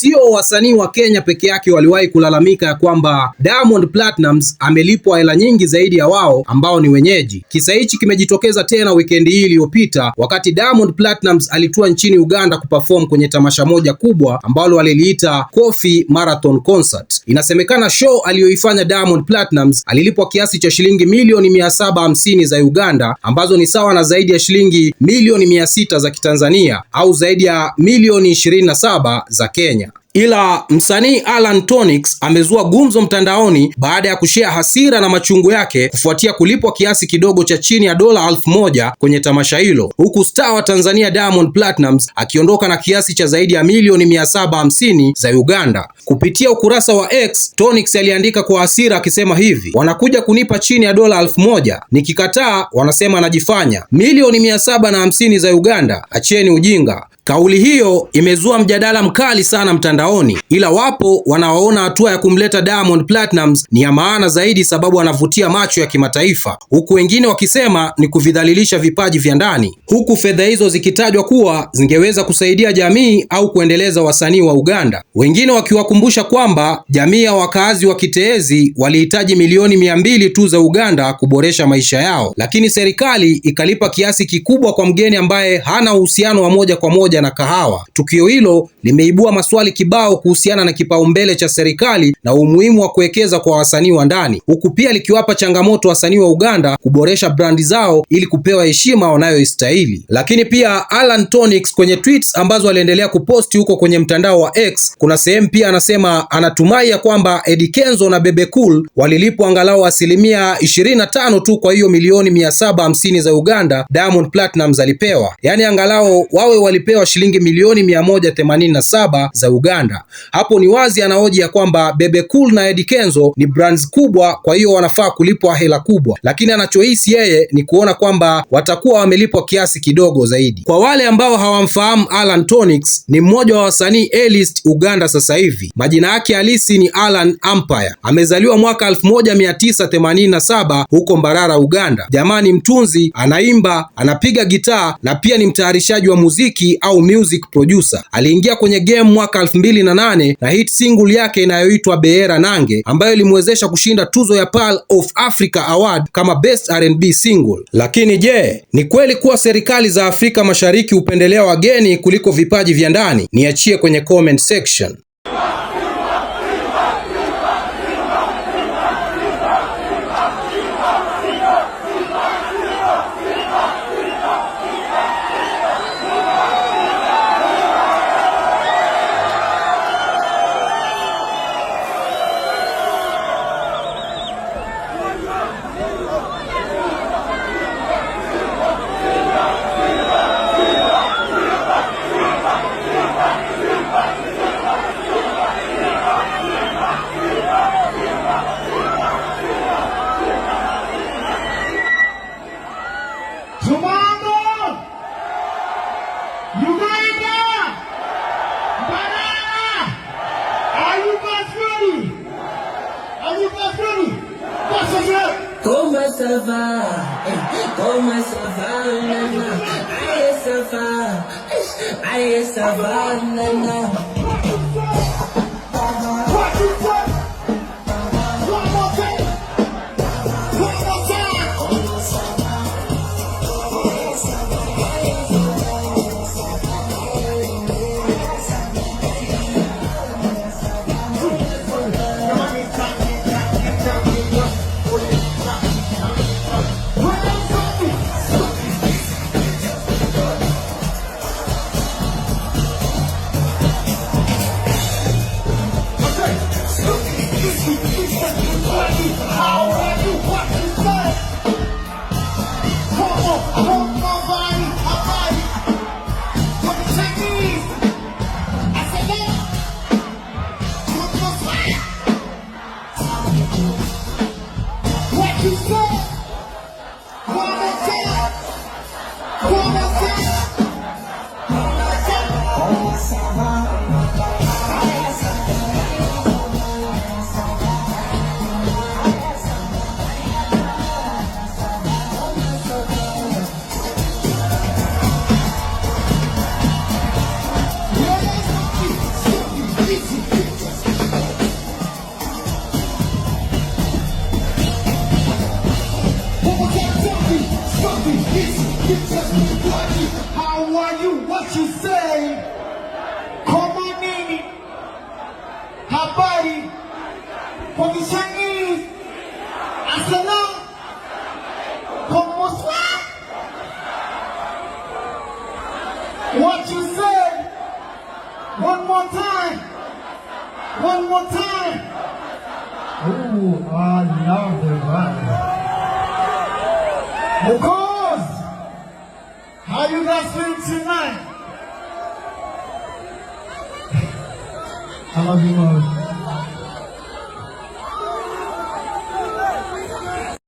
Sio wasanii wa Kenya peke yake waliwahi kulalamika ya kwamba Diamond Platnumz amelipwa hela nyingi zaidi ya wao ambao ni wenyeji. Kisa hichi kimejitokeza tena wikendi hii iliyopita, wakati Diamond Platnumz alitua nchini Uganda kuperform kwenye tamasha moja kubwa ambalo aliliita Kofi Marathon Concert. Inasemekana show aliyoifanya Diamond Platnumz alilipwa kiasi cha shilingi milioni mia hamsini za Uganda ambazo ni sawa na zaidi ya shilingi milioni sita za Kitanzania au zaidi ya milioni 27 za Kenya. Ila msanii alan Tonix amezua gumzo mtandaoni baada ya kushea hasira na machungu yake kufuatia kulipwa kiasi kidogo cha chini ya dola elfu moja kwenye tamasha hilo, huku star wa Tanzania Diamond Platnumz akiondoka na kiasi cha zaidi ya milioni mia hamsini za Uganda. Kupitia ukurasa wa X, Tonix aliandika kwa hasira akisema hivi: wanakuja kunipa chini ya dola elfu moja nikikataa wanasema najifanya, milioni mia hamsini za Uganda, achieni ujinga Kauli hiyo imezua mjadala mkali sana mtandaoni, ila wapo wanaoona hatua ya kumleta Diamond Platnumz ni ya maana zaidi, sababu anavutia macho ya kimataifa, huku wengine wakisema ni kuvidhalilisha vipaji vya ndani, huku fedha hizo zikitajwa kuwa zingeweza kusaidia jamii au kuendeleza wasanii wa Uganda, wengine wakiwakumbusha kwamba jamii ya wakaazi wa Kiteezi walihitaji milioni mia mbili tu za Uganda kuboresha maisha yao, lakini serikali ikalipa kiasi kikubwa kwa mgeni ambaye hana uhusiano wa moja kwa moja pamoja na kahawa. Tukio hilo limeibua maswali kibao kuhusiana na kipaumbele cha serikali na umuhimu wa kuwekeza kwa wasanii wa ndani, huku pia likiwapa changamoto wasanii wa Uganda kuboresha brandi zao ili kupewa heshima wanayoistahili. Lakini pia Alan Tonix kwenye tweets ambazo aliendelea kuposti huko kwenye mtandao wa X, kuna sehemu pia anasema anatumai ya kwamba Eddy Kenzo na Bebe Cool walilipwa angalau asilimia 25 tu kwa hiyo milioni 750 za Uganda Diamond Platnumz alipewa, yaani angalau wawe walipewa shilingi milioni 187 za Uganda. Hapo ni wazi anahoji ya kwamba Bebe Cool na Eddy Kenzo ni brands kubwa, kwa hiyo wanafaa kulipwa hela kubwa, lakini anachohisi yeye ni kuona kwamba watakuwa wamelipwa kiasi kidogo zaidi. Kwa wale ambao hawamfahamu, Allan Tonix ni mmoja wa wasanii A-list Uganda sasa hivi. Majina yake halisi ni Allan Empire. Amezaliwa mwaka 1987 huko Mbarara, Uganda. Jamaa ni mtunzi, anaimba, anapiga gitaa na pia ni mtayarishaji wa muziki au au music producer. Aliingia kwenye game mwaka 2008 na hit single yake inayoitwa Beera Nange ambayo ilimwezesha kushinda tuzo ya Pearl of Africa Award kama best R&B single. Lakini je, ni kweli kuwa serikali za Afrika Mashariki hupendelea wageni kuliko vipaji vya ndani? Niachie kwenye comment section. survive. Eh, Go my survive, na na. I survive. I survive, na na. Oh, we hit you, you just what you, how are you, what you say? Koma nini? Habari? Kumisha nini? Assalam? Komoswa? What you said? One more time. One more time. Oh, I love the vibe. Are you wrestling tonight? I love you, Lord.